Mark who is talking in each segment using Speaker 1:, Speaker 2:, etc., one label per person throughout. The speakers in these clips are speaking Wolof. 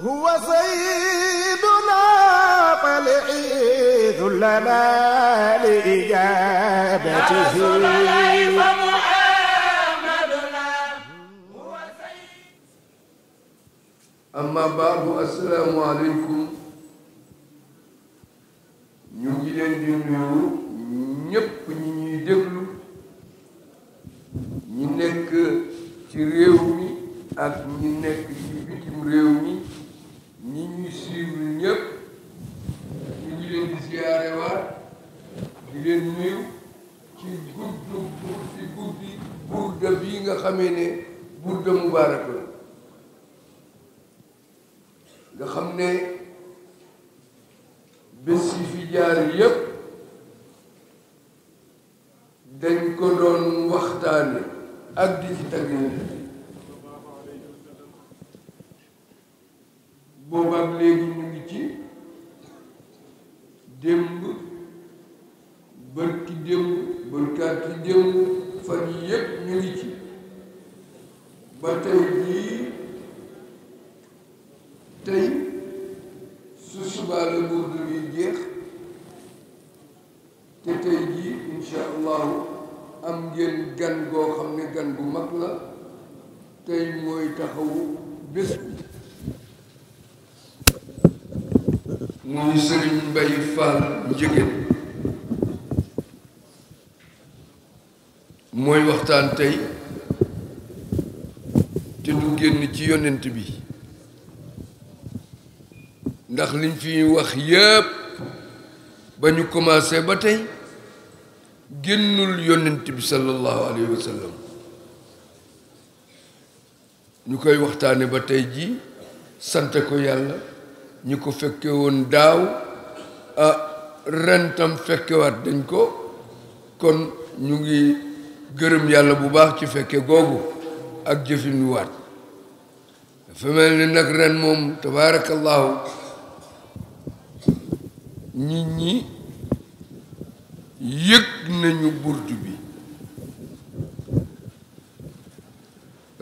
Speaker 1: هو سيدنا طلعيذ لنا لإجابته
Speaker 2: أما بعد السلام عليكم ñu ngi leen di nuyu ñépp ñi ñuy déglu ñi nekk ci réew mi ak ñi nekk ci bitim réew ñi ñuy suivre ñëpp ñu ngi leen di ziyaare waat leen nuyu ci gudd ci guddi bii nga xamee ne burda mubaarak la nga xam ne bés yi fi jaar yëpp dañ ko doon waxtaan ak di ci tagg boobaak léegi mu ngi ci démb bërki démb bërkaat ci démb fan yi yépp ñu ngi ci ba tey jii tey su subaa la burdu bi jeex te tey jii insha allahu am ngeen gan goo xam ne gan bu mag la tey mooy taxawu bés muy Sëriñ Mbay Fall Njëgéen mooy waxtaan tey te du génn ci yonent bi ndax liñ fi wax yépp ba ñu commencé ba tey génnul yonent bi sallallahu alayhi wa ñu koy waxtaane ba tey ji sante ko yàlla ñi ko fekke woon daaw ah ren tam fekkewaat dañ ko kon ñu ngi gërëm yàlla bu baax ci fekke googu ak jëfinu waat dafa mel ni nag ren moom tabaarakallaahu nit ñi yëg nañu burdu bi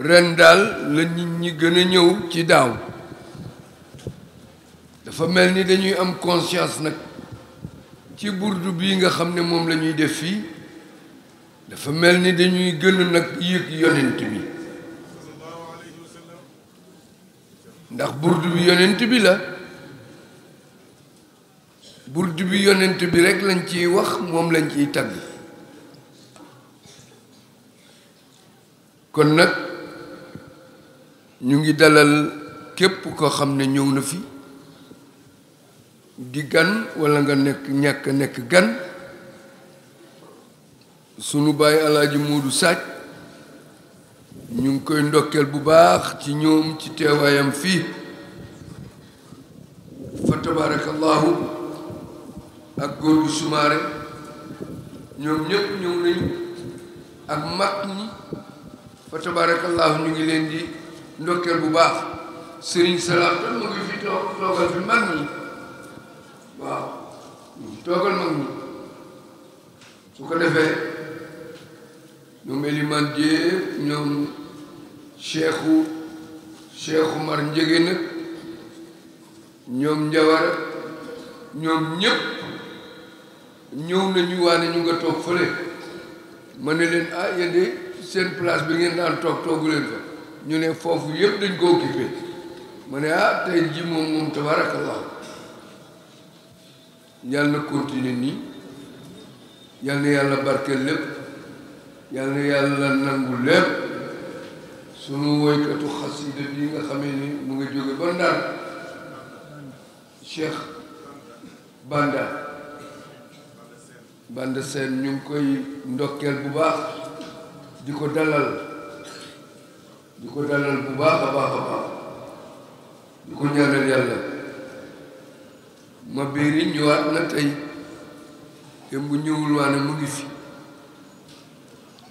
Speaker 2: ren daal la nit ñi gën a ñëw ci daaw dafa mel ni dañuy am conscience nag ci burdu bii nga xam ne moom lañuy def fii dafa mel ni dañuy gën nag yëg yonent bi ndax burdu bi yonent bi la burdu bi yonent bi rekk lañ ciy wax moom lañ ciy tagg kon nag ñu ngi dalal képp koo xam ne ñëw na fii di gan walla nga nekk ñàkk nekk gan sunu bàyyi alaaji Moodu Saaj ñu ngi koy ndokkeel bu baax ci ñoom ci teewaayam fii fa tabaarakallaahu ak góor gu sumaare ñoom ñëpp ñëw nañu ak mag ñi fa tabaarakallaahu ñu ngi leen di ndokkeel bu baax sëriñ salaam tan mu ngi fi toog toogal fi mag ñi waaw toogal mag ñi su ko defee ñoom Eliman Dieye ñoom Cheikhu Cheikh mar Njëge nag ñoom Njawara ñoom ñëpp ñëw nañu waane ñu nga toog fële ma ne leen ah yéen de seen place bi ngeen daan toog toogu leen fa ñu ne foofu yëpp dañ ko occupé ma ne ah tey ji moom moom tabarakallah yalla na continuer nii yalla na barkel barkeel yalla yàlla na yàlla nangu lépp sunu woykatu bi nga xamé ni mu nga joggé ba Ndar Cheikh Banda Banda sen ñu koy ndokkel bu baax di dalal di dalal bu baax baax baax di ñaanal yalla ma biiri ñëwaat na tey démb bu ñëwul waane mu ngi fi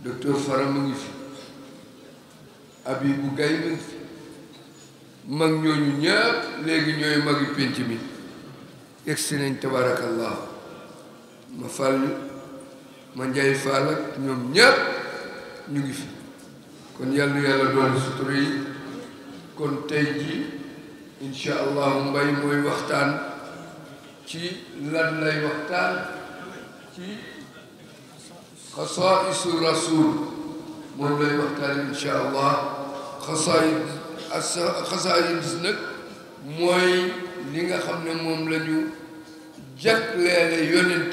Speaker 2: docteur Fara mu ngi fi Abibu Gay mu ngi fi mag ñooñu ñëpp léegi ñooy magi pénc mi egsi nañ tabarakallah ma fàll ma njaay faal ñoom ñëpp ñu ngi fi kon yàlla yàlla doon sutura yi kon tey ji incha allahu mbay mooy waxtaan ci lan lay waxtaan ci xasaisu rasul moom lay waxtaan insha allah xasaid xasaidis nag mooy li nga xam ne moom la ñu jagleele yonent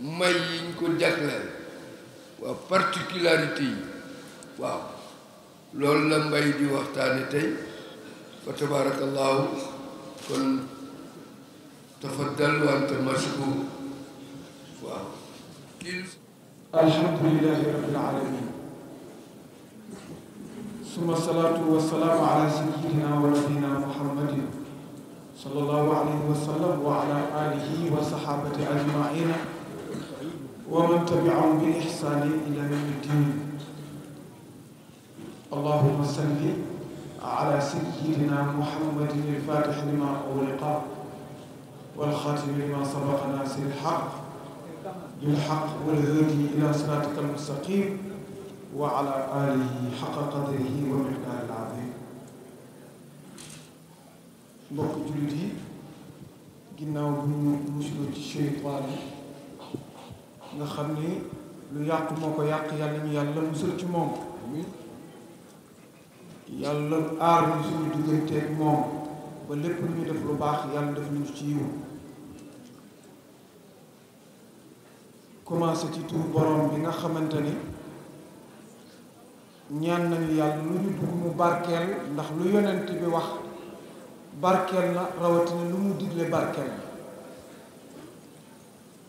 Speaker 2: bi may yiñ ko jagleel waaw particularité yi waaw loolu la mbay di waxtaane tey fa tabarakallahu kon تفضل وأنت مشكور الحمد لله رب العالمين ثم الصلاة
Speaker 1: والسلام على سيدنا ونبينا محمد صلى الله عليه وسلم وعلى آله وصحابته أجمعين ومن تبعهم بإحسان إلى يوم الدين اللهم صل على سيدنا محمد الفاتح لما أغلق والخاتم لما سبقنا سير الحق بالحق والهدي الى صراطك المستقيم وعلى اله حق قدره ومقدار العظيم بوك جلدي غيناو بنو مشلو تي شيطان نا خامني لو ياق موكو ياق يالا ني يالا مسل تي موم يالا ار مسل دوغي تي موم ba lépp lu ñu def lu baax yàlla def ñu ci yiw commencé ci tur borom bi nga xamante ni ñaan nañu yàlla lu ñu dugg mu barkeel ndax lu yonent bi wax barkeel na rawatina lu mu digle barkeel na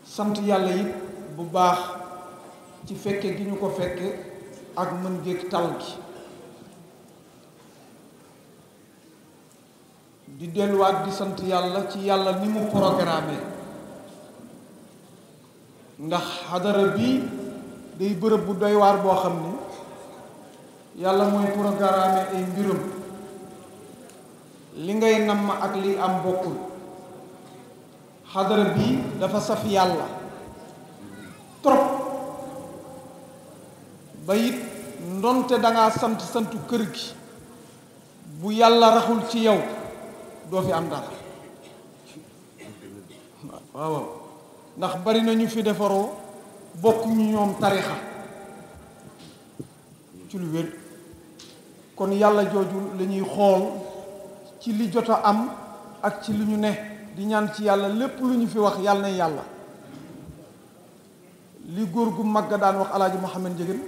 Speaker 1: sant yàlla it bu baax ci fekke gi ñu ko fekke ak mën géeg tal gi di delluwaat di sant yàlla ci yàlla ni mu programme ndax xadara bi day bërëb bu doy waar boo xam ne yàlla mooy programme ay mbiram li ngay namm ak li am bokkul xadara bi dafa saf yàlla trop ba it ndonte dangaa sant santu kër gi bu yàlla raxul ci yow doo fi am dara waaw ndax bari na ñu fi defaroo bokkuñu ñoom tarixa ci lu wér kon yàlla jooju lañuy xool ci li jot a am ak ci li ñu ne di ñaan ci yàlla lépp lu ñu fi wax yàlla na yàlla li góor gu mag a daan wax alaaji Mouhamed Ndiéguène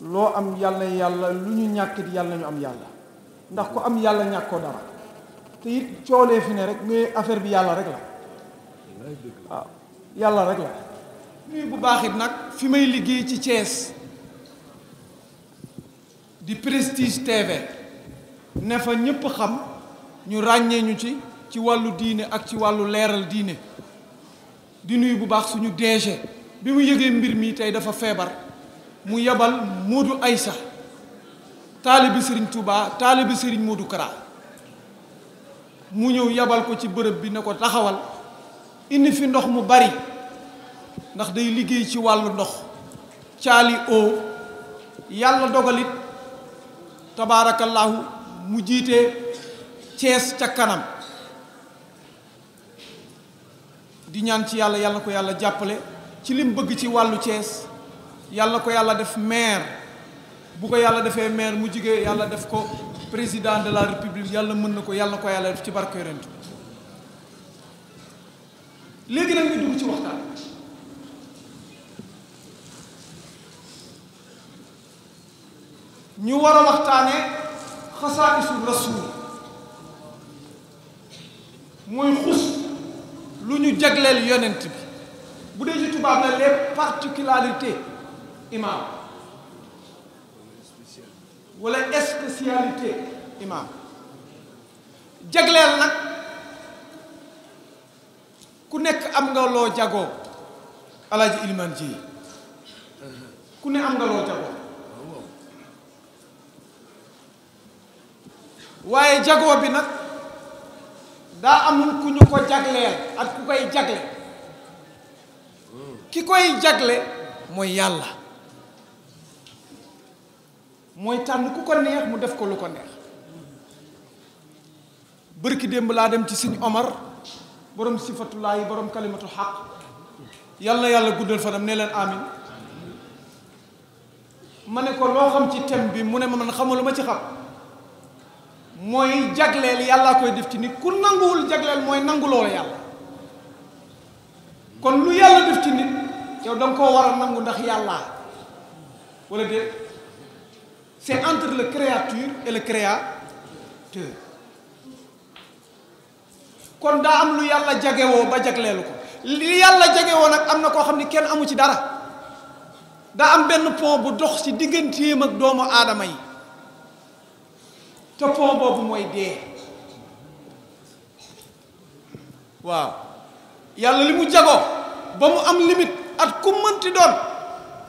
Speaker 1: loo am yàlla yàlla lu ñu ñàkkit yàlla na ñu am yàlla ndax ku am yàlla ñàkkoo dara te it coolee fi ne rek mais affaire bi yàlla rek la waaw yàlla rek la nuyu bu baax it nag fi may liggéey ci cees di Prestige TV ne fa ñëpp xam ñu ràññee ñu ci ci wàllu diine ak ci wàllu leeral diine di nuyu bu baax suñu DG bi mu yëgee mbir mi tey dafa feebar mu yebal Modou Aïssa bi sëriñ Touba bi sëriñ Modou Kara mu ñëw yabal ko ci bërëb bi ne ko taxawal indi fi ndox mu bari ndax day liggéey ci wàllu ndox caali oo yàlla dogalit tabaarakallaahu mu jiite Cees ca kanam di ñaan ci yàlla yàlla ko yàlla jàppale ci lim bëgg ci wàllu Cees yàlla ko yàlla def maire bu ko yàlla defee maire mu jigee yàlla def ko président de la république yàlla mën na ko yàlla ko yàlla def ci barke yonent léegi nag ñu dugg ci waxtaan ñu war a waxtaanee xasaa'isu rasul mooy xus lu ñu jagleel yonent bi bu dee ci tubaab na les particularités imam wala spécialité imaam jagleel nag ku nekk am nga loo jagoo alaaji iliman ji ku ne am nga loo jagoo waaye jagoo bi nag daa am ku ñu ko jagleel ak ku koy jagle ki koy jagle mooy yàlla mooy tànn ku ko neex mu def ko lu ko neex bërki démb laa dem ci sëñ Omar borom sifatulaayi borom kalimatul xaq yàlla yàlla guddal fanam ne leen amin ma ne ko loo xam ci thème bi mu ne ma man xamalu ma ci xam mooy jagleel yàllaa koy def ci nit ku nanguwul jagleel mooy nangu loolu yàlla kon lu yàlla def ci nit yow da koo war a nangu ndax yàllaa wala déet C'est entre le créature et le créateur kon daa am lu yàlla jagewoo ba jagleelu ko li yàlla jagewoo nak am na koo kenn amu ci dara daa am benn pont bu dox ci digganteem ak doomu aadama yi te pont boobu mooy dee waaw yàlla li mu ba mu am limite at ku mënti doon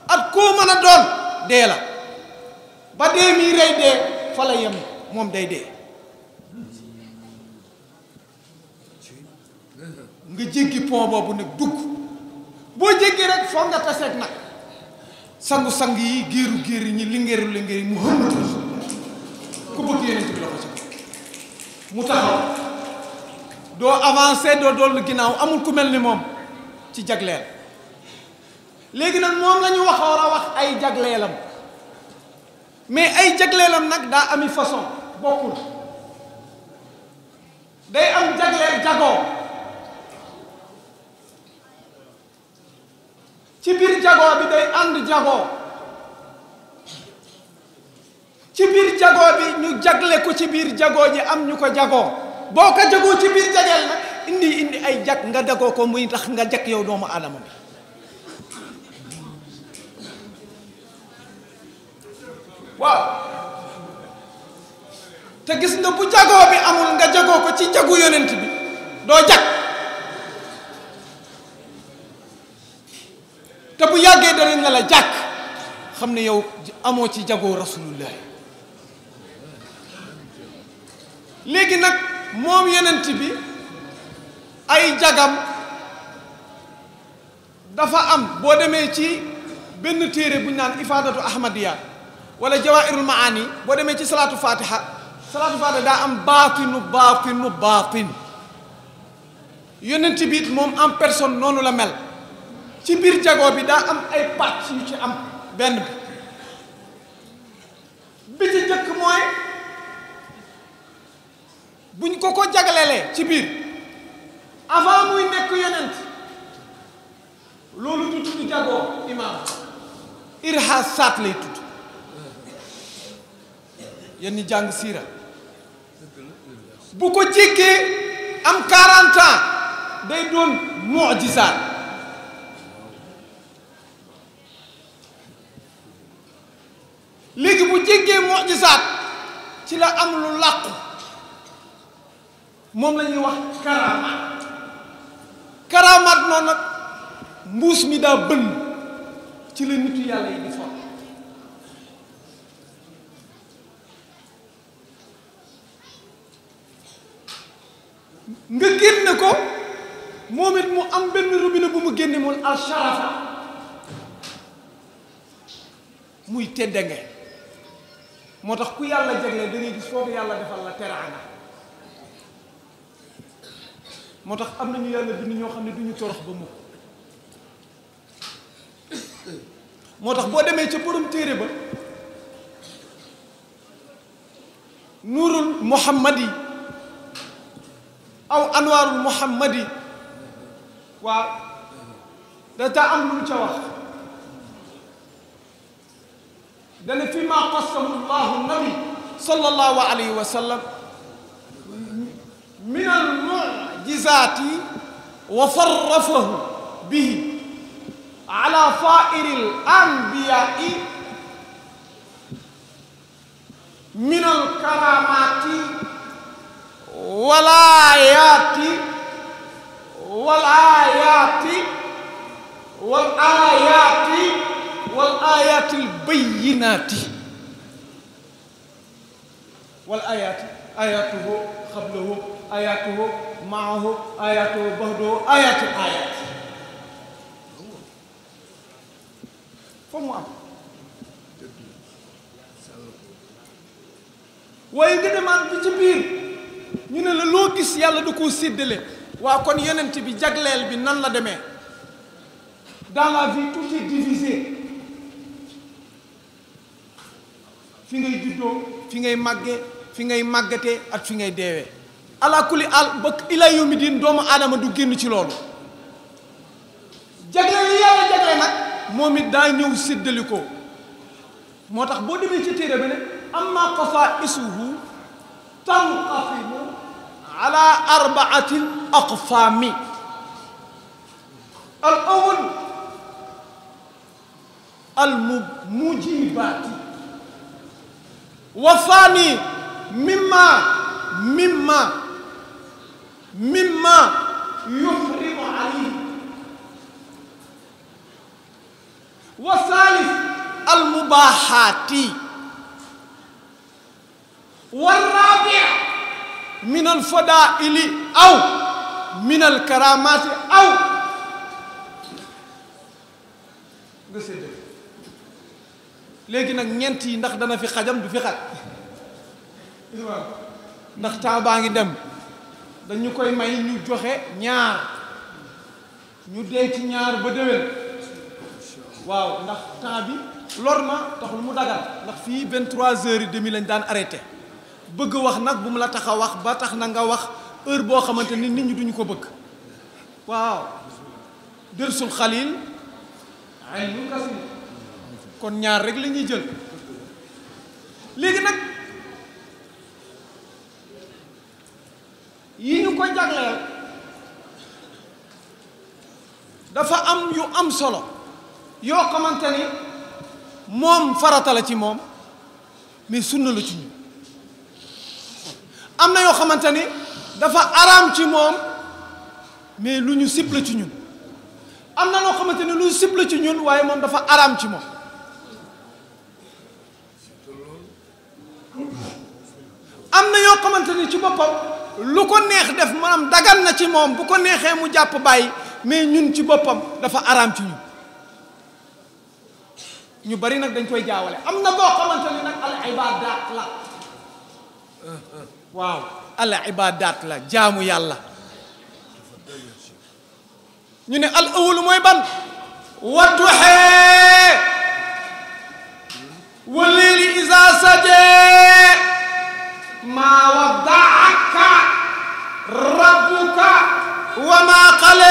Speaker 1: at koo mën doon dee ba dee mii rey dee fa la yem moom day dee nga jéggi pont boobu nag dugg boo jéggi rek foog nga taseet nag sangu-sang yi géeru géer ñi lingeeru lingeer mu hëmmatu ku bëgg yeneen bi la ko si mu doo avancé doo ginnaaw amul ku mel ni moom ci jagleel léegi nag moom la ñu wax war a wax ay jagleelam mais ay jagleelam nag daa ami façon bokkul day am jagleel jagoo ci biir jagoo bi day ànd jagoo ci biir jagoo bi ñu jagle ko ci biir jagoo ji am ñu ko jagoo boo ko jagoo ci biir jageel nag indi indi ay jag nga dagoo ko muy tax nga jag yow doomu aadama bi waaw te gis nga bu jagoo bi amul nga jagoo ko ci jagu yonent bi doo jag te bu yàggee danañ na la jàkk xam ne yow amoo ci jagoo rasulullah léegi nag moom yonent bi ay jagam dafa am boo demee ci benn téere bu ñu naan ifaadatu ahmadiya wala jawaahirul maani boo demee ci salaatu fatiha salaatu fatiha daa am baatinu baatinu baatin yonent bi moom am personne noonu la mel ci biir jagoo bi daa am ay pàcc yu ci am benn bi bi ci njëkk mooy buñ ko ko jaglelee ci biir avant muy nekk yonent loolu du tudd jagoo imaam irhaasaat lay tudd yenn ñi jàng siira bu ko jékkee am 40 ans day doon mujisaat léegi bu jékkee mujisaat ci la am lu làqu moom la ñuy wax karaamaat karaamaat noonu nag mbuus mi daa bënn ci la nitu yàlla yi di fort nga génne ko moom it mu am benn robinet bu mu génnee moon al sharafa muy tedda nga moo tax ku yàlla jagle da ngay gis foofu yàlla defal la teraanga moo tax am na ñu yàlla bind ñoo xam ne duñu torox ba mukk moo tax boo demee ca borom téere ba nuurul muhammad aw anwaarul muhammadi waaw data am lu mu ca wax dana fi ma qasamu llahu nabi sallallahu alayhi wa sallam min al mujizaati wa farrafahu bihi ala faa'iri al anbiya'i min al karamati والآيات والآيات والآيات والآيات البينات والآيات آياته قبله آياته معه آياته بعده آيات الآيات فمو أم ويجد من تجبير ñu ne la loo gis yàlla du koo séddale waa kon yonent bi jagleel bi nan la demee dans la vie tout est fi ngay juddoo fi ngay màggee fi ngay màggatee ak fi ngay deewee ala kulli al ba ila yawmi diin doomu aadama du génn ci loolu jagleel yi yàlla jagleel nag moom it daa ñëw séddali ko moo tax boo demee ci téere bi ne amma qasaa'isuhu tanqasimu على أربعة أقفام الأول المجيبات والثاني مما مما مما يحرم عليه والثالث المباحات والرابع من الفضائل أو من الكرامات أو لكن نك نينتي نك دانا في خجام دو في خات نك تابا نغي دم دا ني كوي ماي ني جوخه ñaar ñu dé ci ñaar ba deuwel واو نك تابي لورما تخلو مو دغال نك في 23h30 لن دان arrêter bëgg wax nak bu mu la tax wax ba tax na nga wax heure bo xamanteni nit ñi duñu ko bëgg waaw dersul khalil ay lu kon ñaar rek lañuy jël légui nak yi ñu ko jaglé dafa am yu am solo Yo xamanteni mom farata la ci mom mais sunna la ci ñu am na yoo xamante ni dafa araam ci moom mais lu ñu sib la ci ñun am na loo xamante ni lu ñu sib la ci ñun waaye moom dafa araam ci moom am na yoo xamante ni ci boppam lu ko neex def maanaam dagan na ci moom bu ko neexee mu jàpp bàyyi mais ñun ci boppam dafa araam ci ñun ñu bari nag dañ koy jaawale am na boo xamante ni nag al ibadat la واو الا عبادات لا جامو يالا ني الاول موي بان وتوح والليل اذا سجى ما ودعك ربك وما قل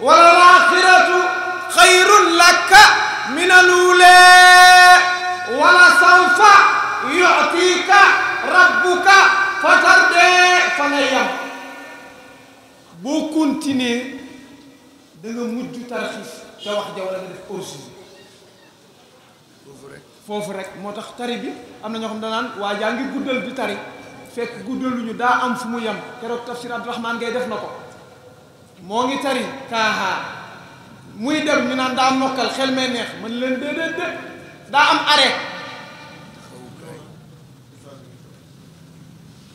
Speaker 1: والاخره خير لك من الاولى fatarde tardé bo continuer da nga mujj tarxiis te wax ja wala nga def orsi fofu rek fofu rek motax tari bi amna ñoo xam danaan waa wa jangi guddal di tari fekk guddaluñu da am fu mu yam kéro tafsir abdurrahman ngay def nako mo ngi tari kaaha muy dem ñu naan am nokal xel may neex man leen déedéet da am arrêt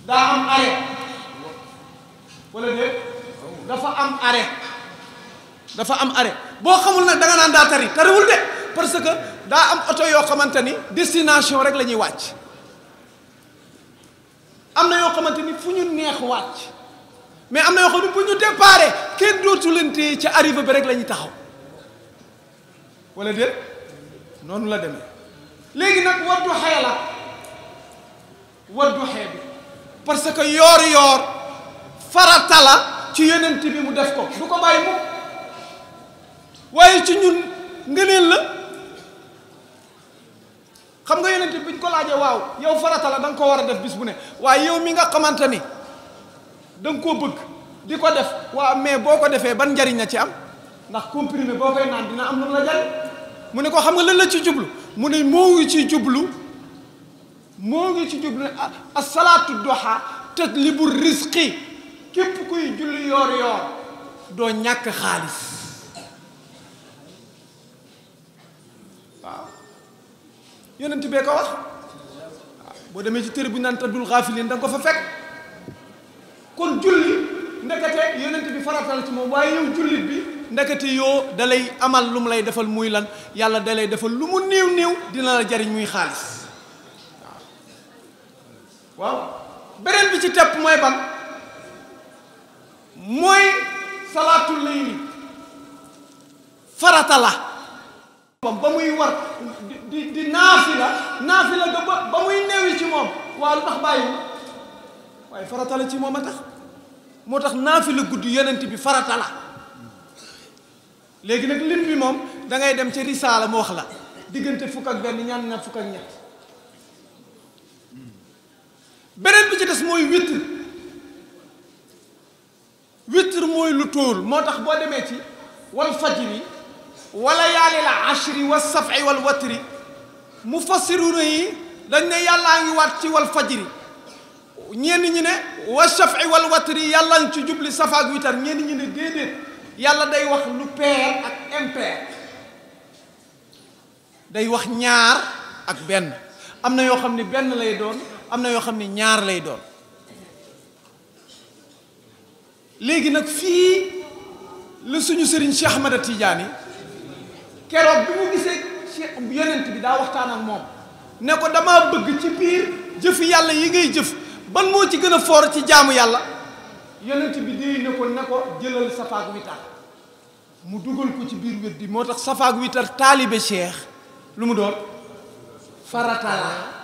Speaker 1: daa am arrêt wala déet dafa am arrêt dafa am are boo xamul nag da nga naan daa tari tariwul de parce que daa am oto yoo xamante ni destination rek lañuy wàcc am na yoo xamante ni fu ñu neex wàcc mais am na yoo xam bu ñu déparé kenn dootu leen téye ci arrivé bi rek la ñuy taxaw wala déet noonu la deme léegi nag Wadduha la Wadduha bi parce que yor yor farata la ci yenen tibi mu def ko du ko bàyyi mu waye ci ñun ngeneel la xam nga yonent biñ ko laaje waaw yow farata la dang ko wara def bis bu ne waye yow mi nga xamante dang ko bëgg di def wa mais boko defé ban jariñ na ci am ndax comprimé bokay nan dina am lu la jall mu ne ko xam nga lan la ci jublu mu ne mo ngi ci jublu moo ngi ci jublu asalaatu duha tajlibu risqi képp kuy julli yoor yoor doo ñàkk xaalis waaw yonent bee ko wax boo demee ci téere bu ñu naan tadul xaafilin da nga ko fa fekk kon julli ndekete yonent bi faratal ci moom waaye yow jullit bi ndekete yoo dalay amal lu mu lay defal muy lan yàlla dalay defal lu mu néew néew dina la jariñ muy xaalis waaw beneen bi ci tepp mooy ban mooy salaatul layli farata la moom ba muy war di di naafila naafila ga ba ba muy newi ci moom waa lu tax waaye farata la ci moom a tax moo tax la guddi yenent bi faratala léegi nag lim bi moom da ngay dem ci risaala mu wax la diggante fukk ak benn ñaan na fukk ak ñett beneen bi ci des mooy witr witr mooy lu tóol moo tax boo demee ci wal fajri wa layaalil ashri wa safi wal watri mufassiruna yi dañ ne yàllaa ngi waat ci wal fajri ñenn ñi ne wa safi wal watri yàlla ngi ci jubli safa ak witar ñenn ñi ne déedéet yàlla day wax lu pair ak impair day wax ñaar ak benn am na yoo xam ne benn lay doon am na yoo xam ne ñaar lay doon léegi nag fii la suñu sëriñ Cheikh Ahmada Tidiane keroog bi mu gisee Cheikh yonent bi daa waxtaan ak moom ne ko damaa bëgg ci biir jëf yàlla yi ngay jëf ban moo ci gën a foor ci jaamu yàlla yonent bi déy ne ko ne ko jëlal safaak witar mu dugal ko ci biir wér di moo tax safaak witar taalibe Cheikh lu mu doon faratala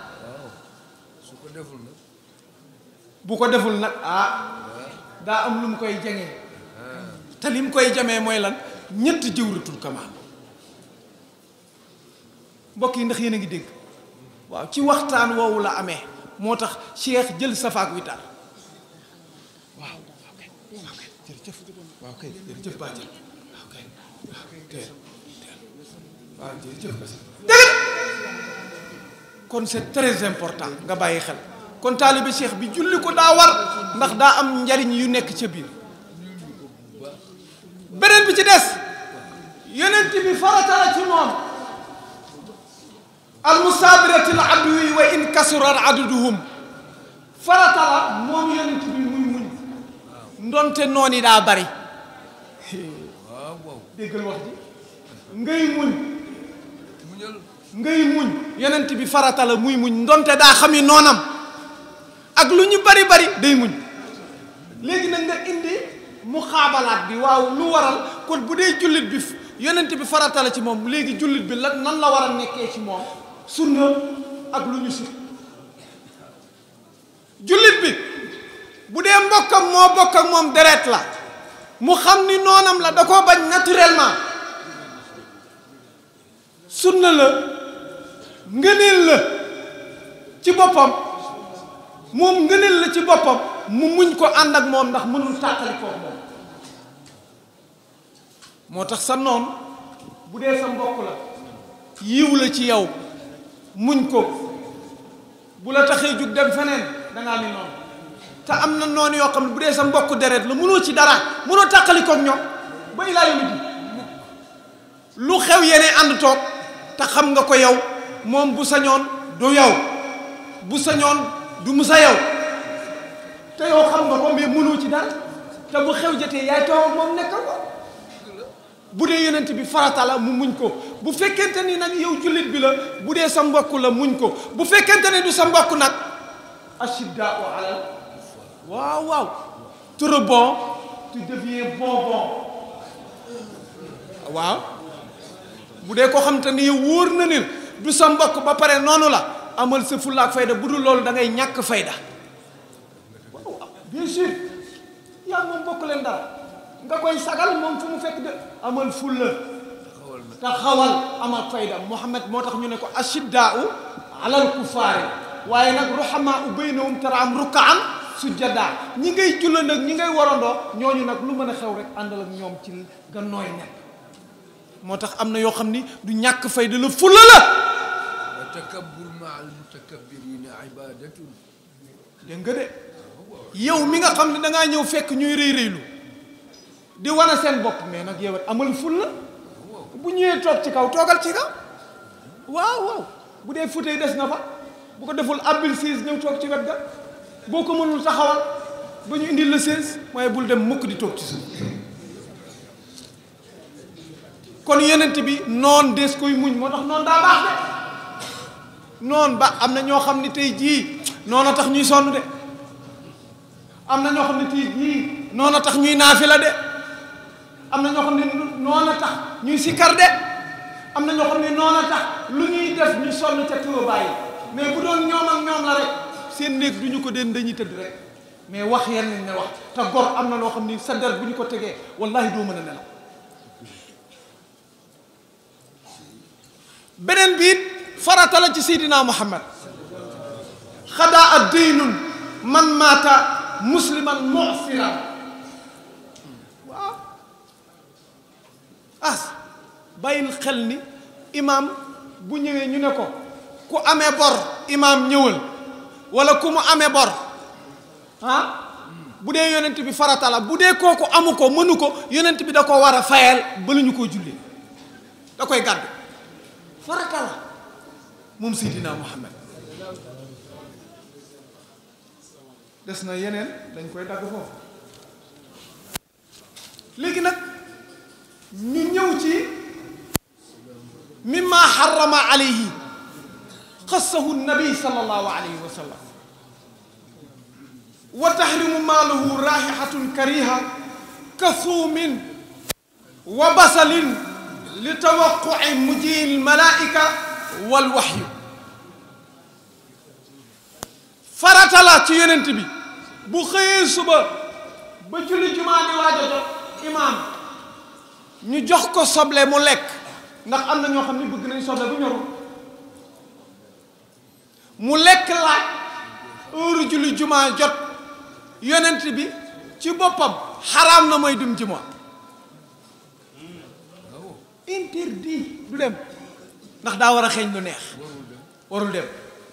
Speaker 1: bu ko deful nag ah daa am lu mu koy jangee te lim koy jamee mooy lan ñett jëwratul kamaal mbokk yi ndax yéen a ngi dégg waaw ci waxtaan woowu la amee moo tax Cheikh jël safaak witar waaw jërëjëf waaw kay kon c'est très nga bàyyi xel kon taalibe cheikh bi julli ko da war ndax da am njariñ yu nek ci bir benen bi ci dess yonent bi farata la ci moom almusaabiratil abdu wa in kasura adaduhum farata la moom yonent bi muy muñ ndonte noni da bari déggal wax ji ngay muñ ngay muñ yonent bi farata la muy muñ ndonte da xami nonam ak lu ñu bari bari day muñ léegi nag nga indi mu xaabalaat bi waaw lu waral kon bu dee jullit bi yonent bi farata ci moom léegi jullit bi lan nan la war a nekkee ci moom sunna ak lu ñu si jullit bi bu dee mbokkam moo bokk moom deret la mu xam ni noonam la da koo bañ naturellement sunna la ngëneel la ci boppam moom ngëneel la ci boppam mu muñ ko ànd ak moom ndax mënul tàqali moom moo tax sa noon bu dee sa mbokk la yiw la ci yow muñ ko bu la taxee jug dem feneen dangaa mi noonu te am na noonu yoo xam ne bu dee sa mbokk deret la mënoo ci dara mënoo tàqali ñoom ba ilaa yu mujj lu xew yeneen ànd toog te xam nga ko yow moom bu sañoon du yow bu sa ñoon du musa yow te yow xam nga ko mais mënoo ci dara te bu xew jotee yaay toog moom nekkal ko bu dee yonent bi farata la muñ ko bu fekkente ni nag yow jullit bi la bu dee sa mbokk la muñ ko bu fekkente ni du sa mbokk nag ashiddaa alal waaw waaw trop bon tu deviens bonbon waaw bu dee ko xam te ni yow wóor na ni du sa mbokk ba pare noonu la amal sa fulla ak fayda bu dul loolu da ñàkk fayda waaw bien sûr yaa moom bokk leen dara nga koy sagal moom fu mu fekk de amal fulla taxawal amal fayda Muhammad moo tax ñu ne ko ashiddaau alal kufaari waaye nag ruhamaa u baynahum taraam rukkaan sujjadaa ñi ngay julla nag ñi ngay warandoo ñooñu nag lu mën a xew rek àndal ak ñoom ci nga nooy nekk moo tax am na yoo xam ni du ñàkk fayda la fulla la
Speaker 2: maal mutakabbirina ibadatun
Speaker 1: dégg nga de ah, yow mi nga xam ne dangaa ñëw fekk ñuy rëy rëylu di wane seen bopp mais nag yow amal ful la ah, bu ñëwee toog ci kaw toogal ci kaw mm-hmm. waaw waaw bu dee fauteuil des na fa bu ko deful abbil siis ñëw toog ci wet ga boo ko mënul taxawal ba ñu indi la siis waaye bul dem mukk di toog ci suuf kon yenent bi noon des koy muñ moo tax noon daa baax de noonu ba am na ñoo xam ne tey jii noon a tax ñuy sonn de am na ñoo xam ne tey jii a tax ñuy la de am na ñoo xam ne noona tax ñuy sikkar de am na ñoo xam ne noona tax lu ñuy def ñu sonn ca tuba bàyyi mais bu doon ñoom ak ñoom la rek seen néeg du ñu ko den dañuy tëdd rek mais wax yenn ne wax te gor am na loo xam ni sa der bu ñu ko tegee wallahi doo mën a nelaw beneen biit farata la ci seydina muhammad xadaa ak man maata musliman mu'siran waaw as bàyyil xel ni imaam bu ñëwee ñu ne ko ku amee bor imaam ñëwal wala ku mu amee bor ah, bu dee yonent bi faratala bu dee kooku amu ko mënu ko yonent bi da ko war a fayal ba lu ñu koo jullee da koy gàddu moom Seydina Muhammad des na yeneen dañ koy dagg foofu léegi nag ñu ñëw ci mimma xarama alayhi xassahu nabi sallallahu alayhi wa sallam wa tahrimu maaluhu raaxihatun kariha kasuumin wa basalin li tawaquci mujiil malaika والوحي فرات الله تي يوننت بي بو خيي سبا با جولي جمعة دي واجو امام ني جوخ كو صبلي مو ليك ناخ امنا ньо خامني بوج ناي صبلي بو ньоرو مو ليك لا اور جولي جمعة جوت يوننت بي تي بوبام حرام نا ماي دوم جمعة interdit du ndax daa war a xeeñ lu neex warul dem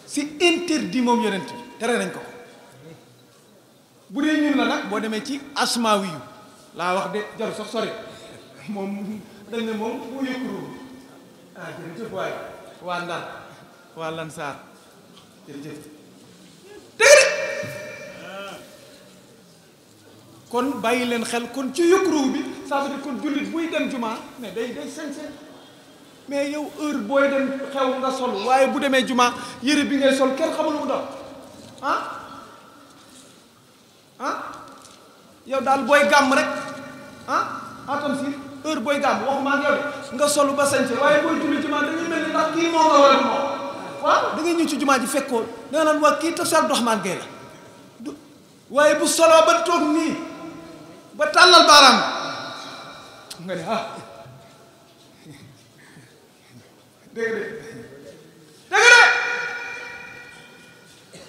Speaker 1: si interdit moom yonent bi tere nañ ko dee ñun la nag boo demee ci asmaawi yu laa wax de jaru sax sori moom dañ ne moom moo yëkkuru ah jërëjëf waa Ndar waa Lansaar jërëjëf dëgg kon bàyyi leen xel kon ci yëkkuru bi saa su ne kon jullit buy dem jumaa mais day day sañ-sañ mais yow heure boy dem xew nga sol waye bu demé juma yére bi ngay sol kër xamul mu do ah ah yow dal boy gam rek ah atom si heure boy gam wax ma ngeu nga sol ba sañse waye boy julli juma dañuy mel ni ndax ki mo nga wala mo wa ah? da ngay ñu ci juma ji fekko da nga naan waa kii tafsir abdourahmane gay la waye bu solo ba tok ni ba talal baram nga ne ah. dégg de dégg de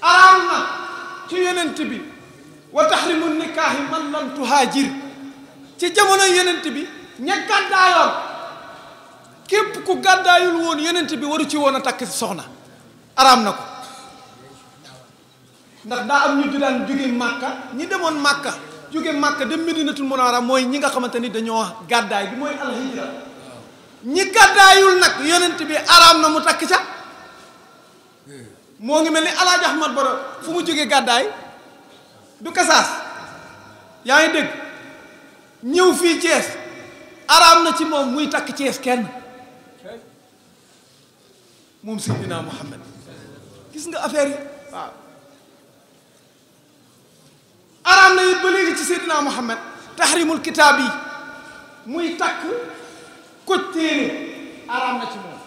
Speaker 1: araam na ci yonent bi wa tahrimu nikaahi man lam tuhaajir ci jamono yonent bi ña gàddaayoon képp ku gàddaayul woon yonent bi waru ci woon a takk soxna araam na ko ndax daa am ñu daan jóge màkka ñi demoon màkka jóge màkka dem medinatul munawara mooy ñi nga xamante ni dañoo gàddaay bi mooy alhijra ñi gàddaayul nag yonent bi araam na mu takk ca moo ngi mel ni alaaji ahmad boro fu mu jógee gàddaay du kasaas yaa ngi dégg ñëw fii Cees araam na ci moom muy takk Cees kenn moom Seydina Muhammad gis nga affaire yi waaw araam na it ba léegi ci Seydina Muhammad tahrimul kitaab yi muy takk koj téere araam na ci moom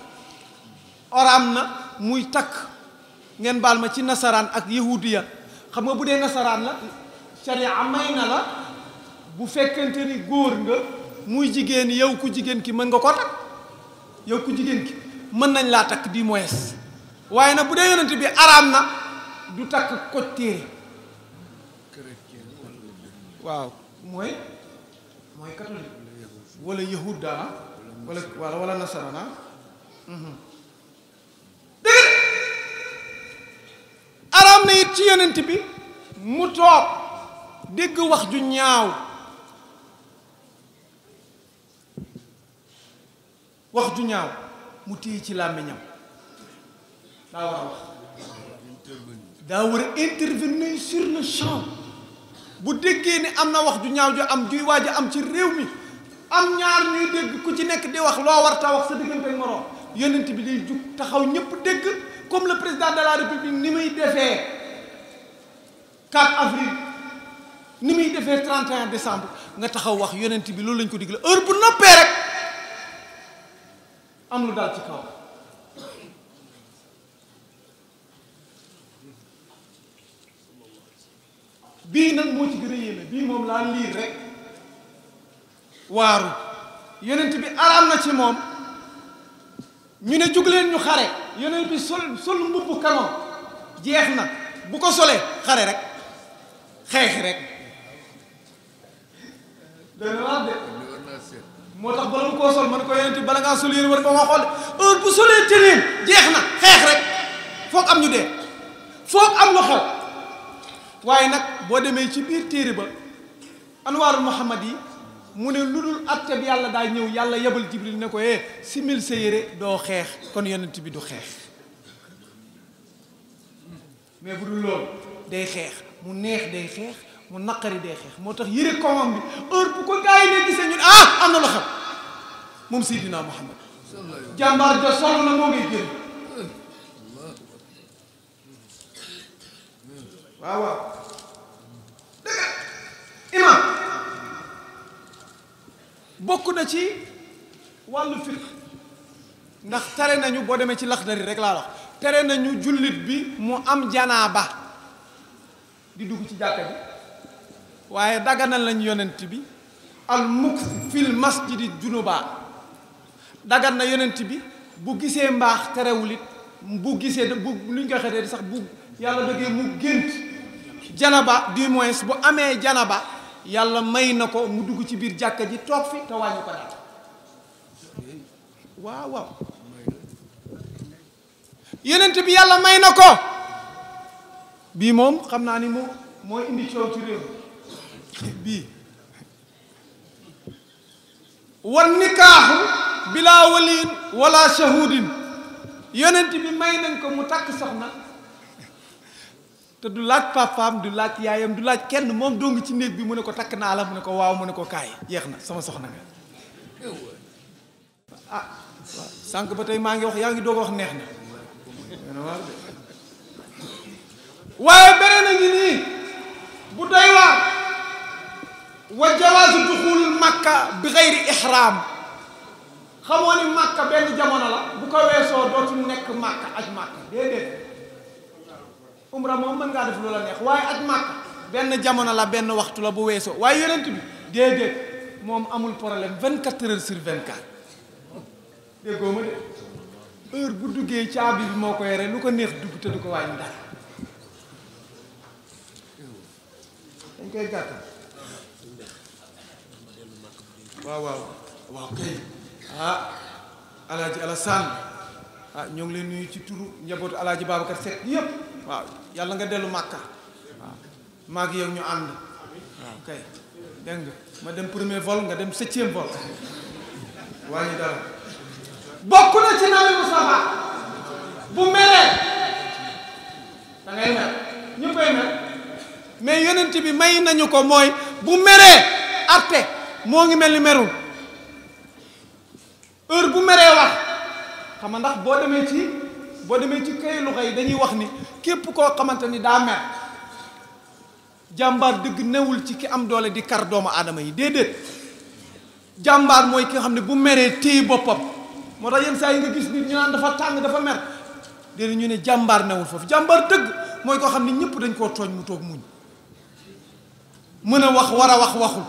Speaker 1: araam na muy takk ngeen baal ma ci nasaraan ak yahudiya xam nga bu dee nasaraan la sharia may na la bu fekkente ni góor nga muy jigéen yow ku jigéen ki mën nga koo takk yow ku jigéen ki mën nañ laa takk di moyes waaye nag bu dee yonent bi araam na du takk koj téere waaw mooy mooy catholique wala yahuda wala walla wala nasaraan ah. Mm-hmm. dëgg araam na it ci yonent bi mu toog dégg wax ju ñaaw wax ju ñaaw mu téye ci làmmiñam daa war a wax daa war a intervenir sur le champ bu déggee ni am na wax ju ñaaw ju am juy waaj am ci réew mi. am ñaar ñuy dégg ku ci nekk di wax loo war ta wax sa diggante ak moroom yonent bi day jug taxaw ñëpp dégg comme le président de la république ni muy defee 4 avril ni muy defee 31 décembre nga taxaw wax yonent bi loolu lañ ko digle heure bu noppee rek am lu daal ci kaw bii nag moo ci gën a yéeme bii moom laa lii rek waaru yonent bi araam na ci moom ñu ne jug ñu xare yeneent bi sol sol mbubb kanoon jeex na bu ko solee xare rek xeexi rek dana wax de moo tax bala mu koo sol man ko yonent bi bala ngaa sol yéen war nga xool bu solee teneen jeex na xeex rek foog am ñu dee foog am lu xew waaye nag boo demee ci biir téere ba anwaarul muhammad yi mune ne lu atte bi yàlla da ñëw yàlla yebal jibril ne ko e simil seyere do xex kon yonent bi du xex mais bu dul loolu day xex mu neex day xex mu naqari day xex motax tax yére koomam bi heure bu ko gars ne gisee ñun ah am na la xam mom Seydina Muhammad jambar jo sol na mo ngi jël waaw waaw bokk na ci wàllu fiq ndax tere nañu boo demee ci Laxdari rek laa wax tere nañu jullit bi mu am janaaba di dugg ci jàkka bi waaye daganal lañu yonent bi al mukk fil masjidi junuba dagan na yonent bi bu gisee mbaax terewul it bu gisee bu luñ ko xetee sax bu yàlla bëggee mu gént janaba du moins bu amee jana ba yàlla may na ko mu dugg ci biir jàkka ji toog fi te wàññi ko daal waaw waaw yenent bi yàlla may na ko bii moom xam naa ni moo mooy indi coow ci réew bii war nikaaxu bilaa waliin wala shahudin yenent bi may nañ ko mu takk na te du laaj papaam du laaj yaayam du laaj kenn moom dong ci néeg bi mu ne ko takk naa la mu ne ko waaw mu ne ko kaay yeex na sama soxna nga
Speaker 2: ah waaw
Speaker 1: sànq ba tey maa ngi wax yaa ngi doog wax neex na waaye beneen a ngi nii bu doy waar wa jawaasu duxul makka bi xayri ihraam xamoo ni makka benn jamono la bu ko weesoo dootul nekk makka aj makka déedéet umra moom mën ngaa def lu la neex waaye ak màkk benn jamono la benn waxtu la bu weesoo waaye yonent bi déedéet moom amul problème 24 heures sur 24 déggoo ma de heure bu duggee caabi bi moo ko yore lu ko neex dugg te du ko wàññi dara dañ koy gàttal waaw waaw waaw kay ah alaaji Alassane ah, ñoo ngi leen nuyu ci turu njabootu alaaji Babacar Seck yépp waaw yàlla nga dellu màkka waaw maag yow ñu ànd waaw kay dégg ma dem premier vol nga dem septième vol waa ñu dara bokk na ci nabi Mustafa bu meree da mer ñu koy mer mais yonent bi may nañu ko mooy bu meree arte moo ngi mel ni merul heure bu meree wax xam ndax boo demee ci boo demee ci këy luxa yi dañuy wax ni képp koo xamante ni daa mer jàmbaar dëgg newul ci ki am doole di kar doomu aadama yi déedéet jàmbaar mooy ki nga xam ne bu meree téye boppam moo tax yenn saa yi nga gis nit ñu naan dafa tàng dafa mer déedéet ñu ne jàmbaar newul foofu jàmbaar dëgg mooy koo xam ne ñëpp dañ koo tooñ mu toog muñ mën a wax war a wax waxul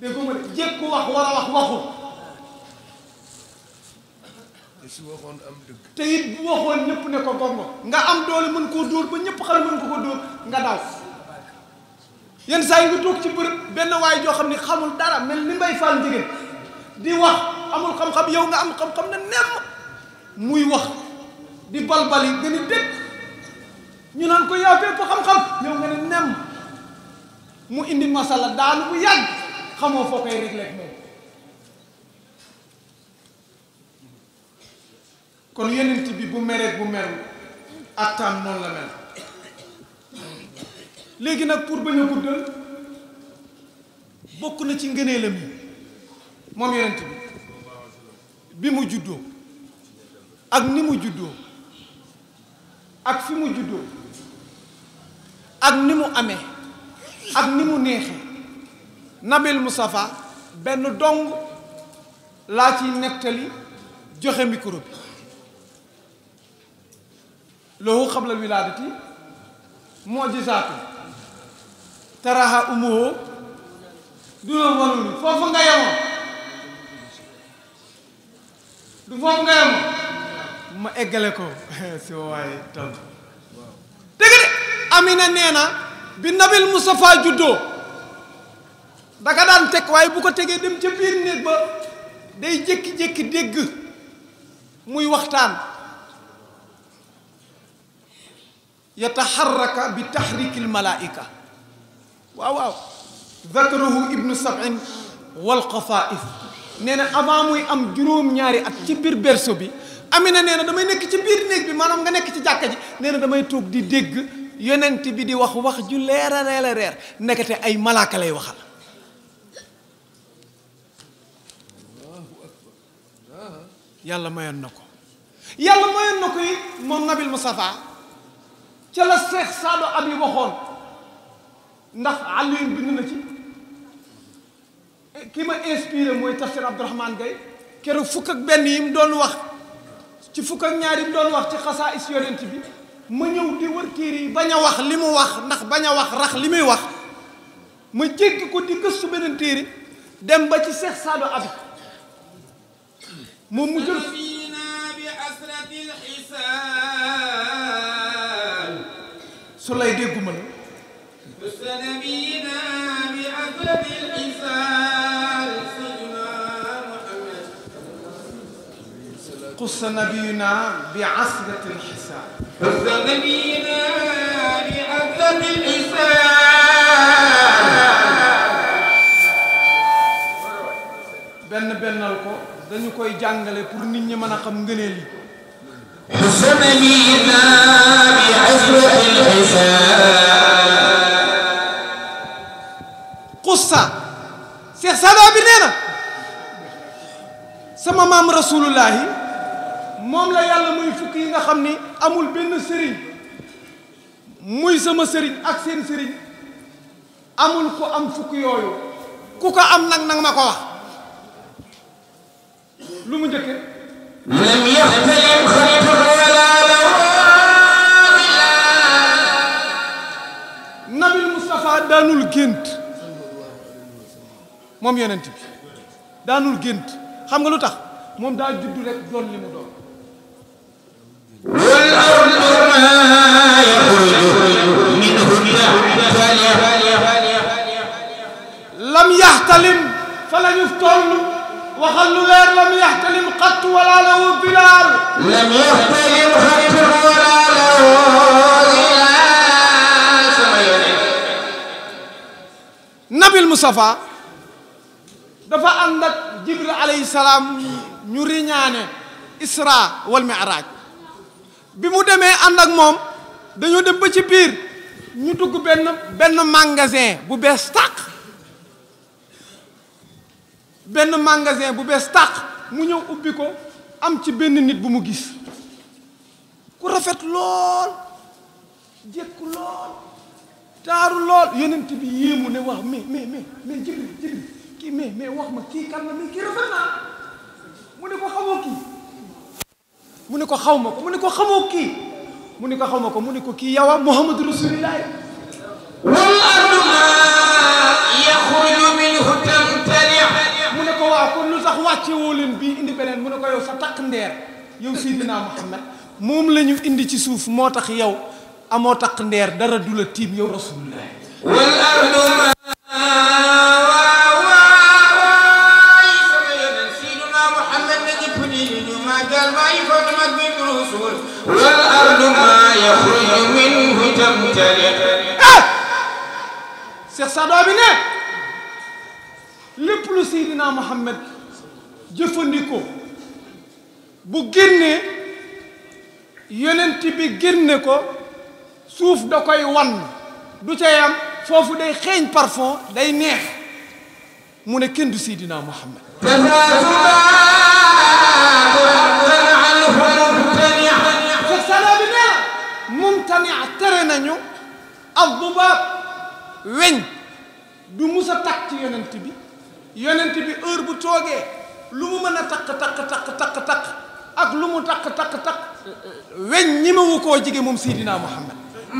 Speaker 1: dégg nga jékku wax war a wax waxul
Speaker 2: su waxoon am dëgg
Speaker 1: te it bu waxoon ñëpp ne ko gongo nga am doole mën koo dóor ba ñëpp xam mën ko ko dóor nga daw yenn saa yi nga toog ci bërëb benn waay joo xam ne xamul dara mel ni mbay faal njigéen di wax amul xam-xam yow nga am xam-xam na nemm muy wax di balbali nga ni dëkk ñu naan ko yaa fépp xam-xam yow nga ne nemm mu indi masala daanu bu yàgg xamoo foo koy réglé moom kon yonent bi bu mereeg bu meru attaam noonu la mel léegi nag pour bañ a guddal bokk na ci ngëneelam yi moom yonent bi bi mu juddoo ak ni mu juddoo ak fi mu juddoo ak ni mu amee ak ni mu neexee Nabil Moustapha benn dong laa ciy nettali joxe micro bi lahu xablal wilaadati moojisaatu taraha umuhu duna manuni foofu nga yemoon du foofu nga yemoon ma eggale ko si waaye tam dëgg amina nee na bi nabil Moustapha juddoo daka daan teg waaye bu ko tegee dem ca biir néeg ba day jékki-jékki dégg muy waxtaan يتحرك بتحريك الملائكة واو واو ذكره ابن سبع والقفائف نينا أبامي أم جروم نياري أتبير برسوبي أمينا نينا دمي نكي تبير نيك بي مانام نكي تجاكا جي نينا دمي توك دي ديگ ينن تبي دي وخ وخ جو لير لير لير نكتة أي ملاك لي وخال يلا ما ينكو يلا ما ينكو مم نبي المصطفى ca la seex saadu ab yi waxoon ndax Alioune bind na ci eh, ki ma inspiré mooy tafsir Abdourahmane Gaye keroog fukk ak benn yi mu doon wax ci fukk ak ñaar yi mu doon wax ci xasaa is yonent bi ma ñëw di wër kiir yi bañ a wax li mu wax ndax bañ a wax rax li muy wax ma jéggi ko di gëstu beneen téere dem ba ci seex saadu abi moom mu jël su lay déggu ma la xussa nabiyuna bi asratil xisaab benn bennal ko dañu koy jàngale pour nit ñi mën a xam ngëneel yi xussa seex saada bi nee na sama maam rasulullahi moom la yàlla muy fukk nga xam ni amul benn sëriñ muy sama sëriñ ak seen sëriñ amul ku am fukk yooyu ku ko am nag nag ma ko wax lu mu njëkke daanul gént moom yonent bi daanul gént xam nga lu tax moom daa juddu rek doon li mu doon lam yaxtalim fa la ñu toll waxal lu leer lam yaxtalim xatt wala lawu bilaal lam yaxtalim xatt wala lawu Mustafa dafa ànd ak Jibril alayhi salaam ñu riñaane Isra wal Mi'raj bi mu demee ànd ak moom dañoo dem ba ci biir ñu dugg benn benn magasin bu bees tàq benn magasin bu bees tàq mu ñëw ubbi ko am ci benn nit bu mu gis ku rafet lool jekku lool taaru lool yonent bi yéemu ne wax mais mais mais mais jibril jibril kii mais mais wax ma kii kan la mais kii rafet naa mu ne ko xamoo kii mu ne ko xaw ma ko mu ne ko xamoo kii mu ne ko xaw ma ko mu ne ko kii yow a muhammadu rasulillahi wal ardu yaxruju minhu tamtari mu ne ko waaw kon lu tax wàcce woo leen bii indi beneen mu ne ko yow sa takk ndeer yow seydina muhammad moom la ñu indi ci suuf moo tax yow amoo taq ndeer dara du la tiim yow rasulullah wal ardu ma Seex eh! Sadoo bi ne lépp lu Seydina Muhammad jëfandikoo bu génnee yonent bi génne ko suuf da koy wan du ca yam foofu day xeeñ parfum day neex mu ne kenn du Seydina Muhammad sana bi nee tere nañu ak bu weñ du mus a takk ci yonent bi yonent bi heure bu toogee lu mu mën a takk takk takk takk takk ak lu mu takk takk takk weñ ñi ma wu koo jige moom Seydina Muhammad Eh!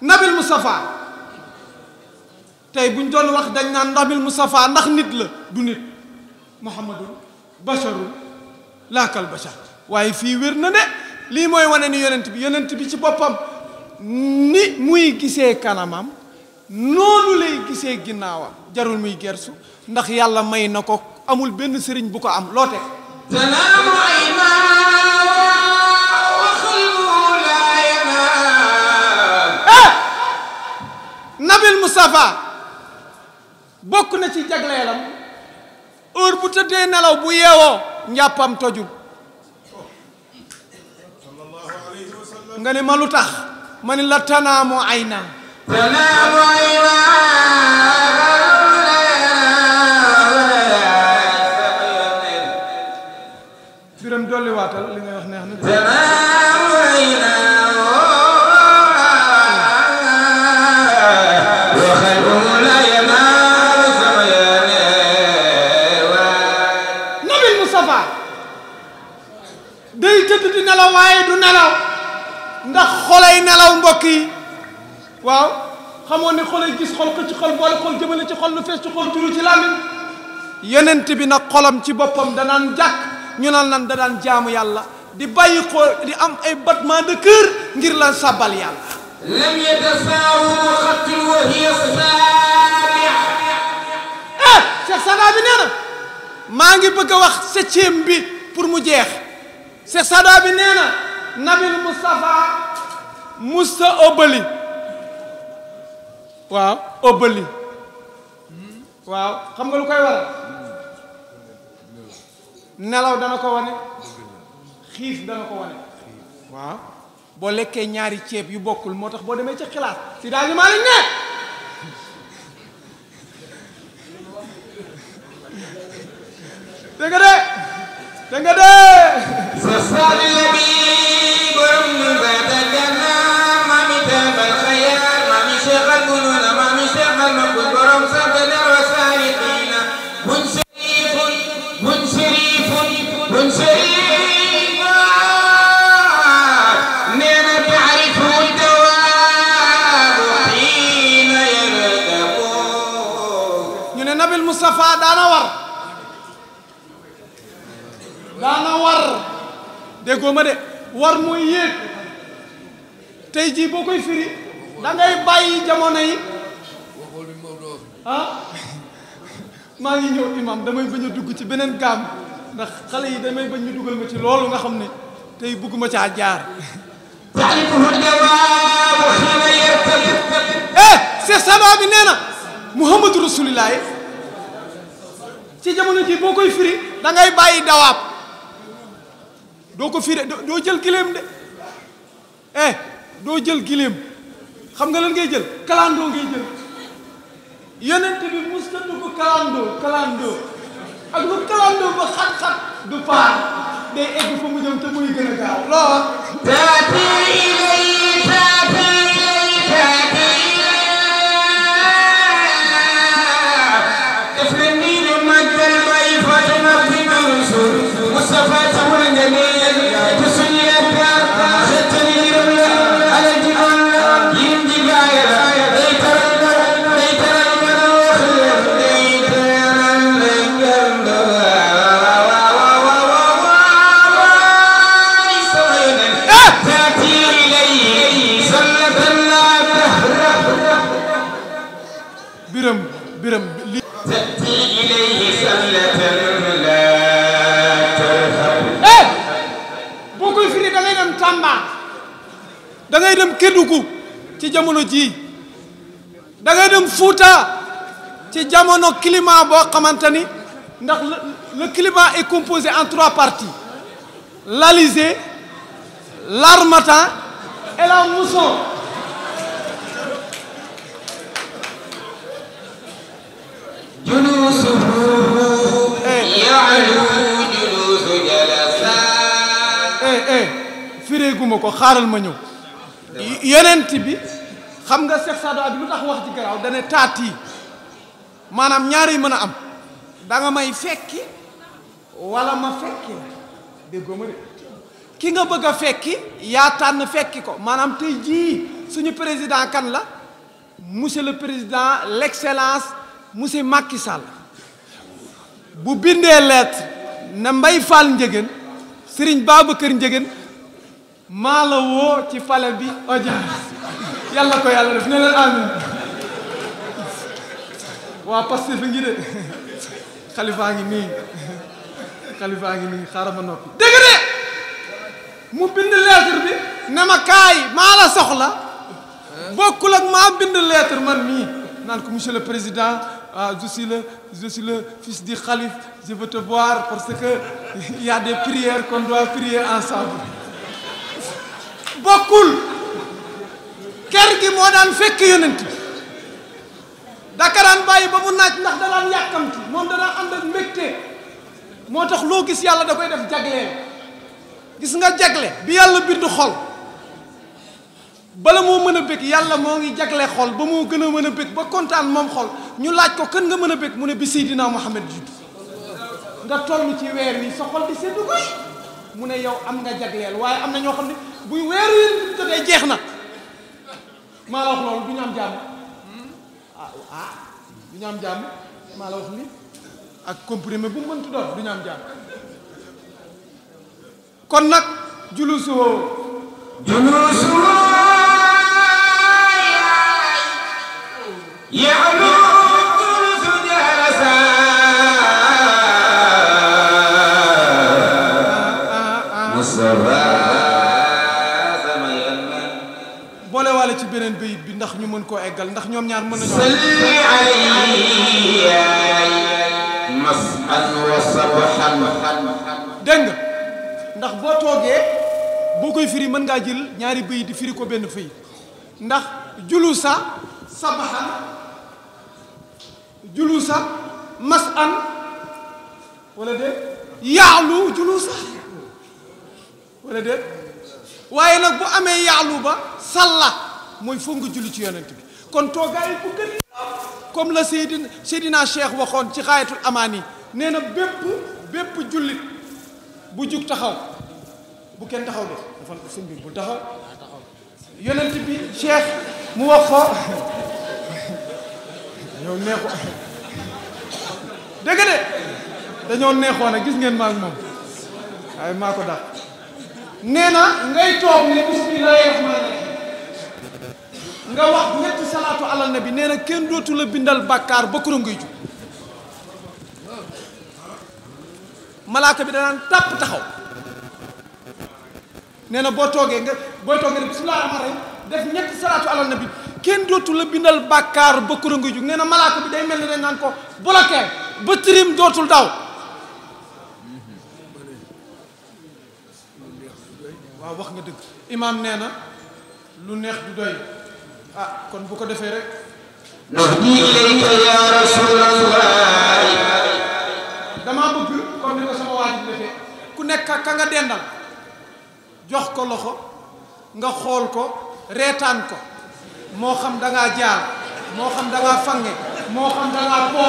Speaker 1: nabil Moustapha tey buñ doon wax dañ naan nabil Moustapha ndax nit la du nit Muhammadun basharun laakal bashar waaye fii wér na ne lii mooy wane ni yonent bi yonent bi ci boppam ni muy gisee kanamam noonu lay gisee ginnaawam jarul muy gersu ndax yàlla may na ko amul benn sëriñ bu ko am loo teg eh! nabil Moustapha bokk na ci jagleelam heure bu tëddee nelaw bu yeewoo njàppam toju nga ne ma lu tax ma ne la tanaamu ay naa day tëdd di nelaw waaye du nelaw ndax xolay nelaw mbokk yi waaw xamoon ne xolay gis xol ko ci xol boole xol jëmale ci xol lu fees ci xol turu ci làmmiñ yonent bi nag xolam ci boppam danaan jàkk ñu naan nan danaan jaamu yàlla di bàyyi ko di am ay battement de cœur ngir lan sàbbal yàlla
Speaker 3: lam yatasaawu xattin wa hiya saabia
Speaker 1: eh Cheikh Sada bi nee na maa ngi bëgg a wax septième bi pour mu jeex Cheikh Sada bi nee na nabil Moustapha Moussa Obali waaw óbbali waaw xam nga lu koy waral nelaw dana ko wane xiif dana ko wane waaw boo lekkee ñaari ceeb yu bokkul moo tax boo demee ca xilaas si daal maa liñ ne dégg nga de dégg nga de daana war daana war déggoo ma de war mooy yéeg tey jii boo koy firi da ngay bàyyi jamono yi ah? maa ngi ñëw imam damay bañ a dugg ci beneen gaam ndax xale yi damay bañ ñu dugal ma ci loolu nga xam ni tey bugguma caa jaar eh c'est sama bi nee na muhammadu rasulillah ci jamono ji boo koy firi da ngay bàyyi dawaab doo ko firi doo jël giléem de eh doo jël giléem xam nga lan ngay jël kalandoo ngay jël yonent bi musta du ko kalandoo kalandoo ak lu kalandoo ba xat-xat du paar day egg fa mu te muy gën a gaaw loo Kédougou ci jamono ji da ngay dem Fouta ci jamono climat bo xamanteni ndax le climat est composé en trois parties l'alizé l'harmattan et la mousson Eh, eh, eh fireeguma ko xaaral ma ñëw yonent bi xam nga Cheikh Sadou Abi lu tax wax ci garaaw dane taat maanaam ñaar mën a am danga may fekki wala ma fekki ki nga bëgg a fekki yaa tànn fekki ko maanaam te jii suñu président kan la monsieur le président l'excellence monsieur Macky Sall bu bindee lettre na mbay Mbaye Fall Ndiéguène Serigne kër Ndiéguène mala la ci bi audience yalla ko yalla def ne pas amin wa paste fi ngi de Le ngi de mu lettre bi ne kay mala soxla bokul ak bind lettre man monsieur le président ah, je suis le je fils du khalife je veux te voir parce que il y a des prières qu'on doit prier ensemble bokkul ker gi moo daan fekk yonent bi dakaraan bàyyi ba mu naaj ndax da yàkkamti moom da daan ànd ak moo tax loo gis yàlla da koy def jagleel gis nga jagle bi yàlla bind xol bala moo mën a bég yàlla moo ngi jagle xol ba moo gën a mën a bég ba kontaan moom xol ñu laaj ko kan nga mën a bég mu ne bi Seydina Muhammad juddu nga toll ci weer wi sa xol di seddu guy mu ne yow am nga jagleel waaye am na ñoo xam ne buy weeru yéen jotee jeex na maa la wax loolu du ñu am jàmm ah ah du ñu am jàmm maa la wax ni ak comprimé bu mëntu doon du ñu am jàmm kon nag julusoo julusoo
Speaker 3: يعلو
Speaker 1: mën koo eggal ndax ñoom ñaar mën nañoo salli alayya mas'an wa sabhan dégg nga ndax boo toogee boo koy firi mën ngaa jël ñaari bëy di firi ko benn fëy ndax julusa sabhan julusa mas'an wala déet yaalu julusa wala déet waaye nag bu amee yaalu ba salla mooy foog nga julli ci yonent bi kon toogaay bu gën comme la Seydina Seydina Cheikh waxoon ci xaayatul amaan yi nee na bépp bépp jullit bu jug taxaw bu kenn taxaw de bi bu taxaw yonent bi Cheikh mu wax ko yow de dañoo neexoon a gis ngeen maa moom waaye maa ko dàq nee ngay toog ne bismillahi rahmaani nga wax ñetti salaatu ala nabi nee na kenn dootu bindal bàkkaar ba kuram ngay jug malaaka bi danaan tàpp taxaw nee na boo toogee nga booy toogee ne bismillah rahmaan rahim def ñetti salaatu ala nabi kenn dootu la bindal bàkkaar ba kuram ngay jug nee na malaaka bi day mel ni dañ naan ko bloqué ba tirim dootul daw waaw wax nga dëgg nee na lu neex ah kon bu ko defee rek nahdi ilayka ya rasulallah damaa bëgg comme ni ko sama waajib defee ku nekk ka nga dendal jox ko loxo nga xool ko reetaan ko moo xam da ngaa moo xam da ngaa fange moo xam da ngaa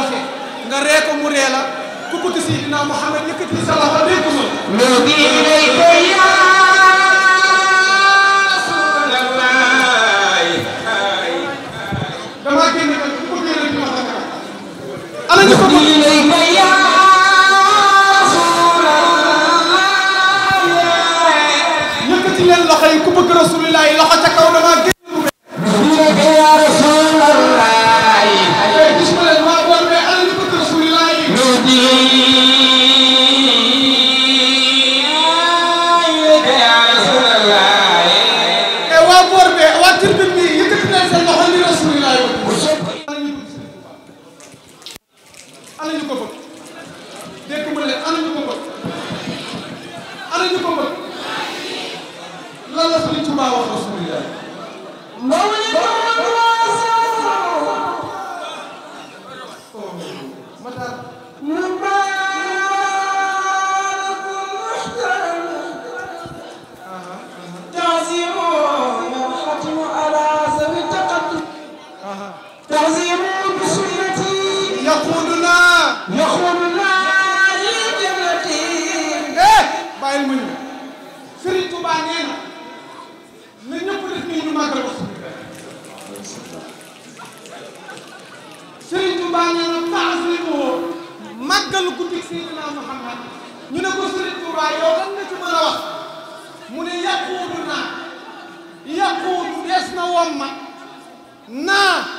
Speaker 1: nga ree ko mu ree la ku bëgg Seydina Muhammad yëkkati sa loxo dégg nga nahdi ilayka ya الله لخيكم رسول الله لخ تكون yaquudu des na womma naa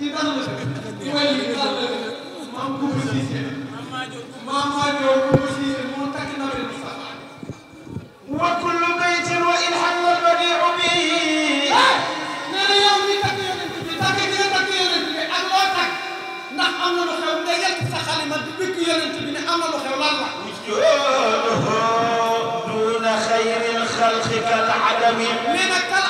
Speaker 1: وكل بيت وإن البديع به من يوم تكير تكير تكير أنواتك نح أمل خير ديك سخالي خير الله
Speaker 3: دون خير الخلق كالعدم من
Speaker 1: كالعدم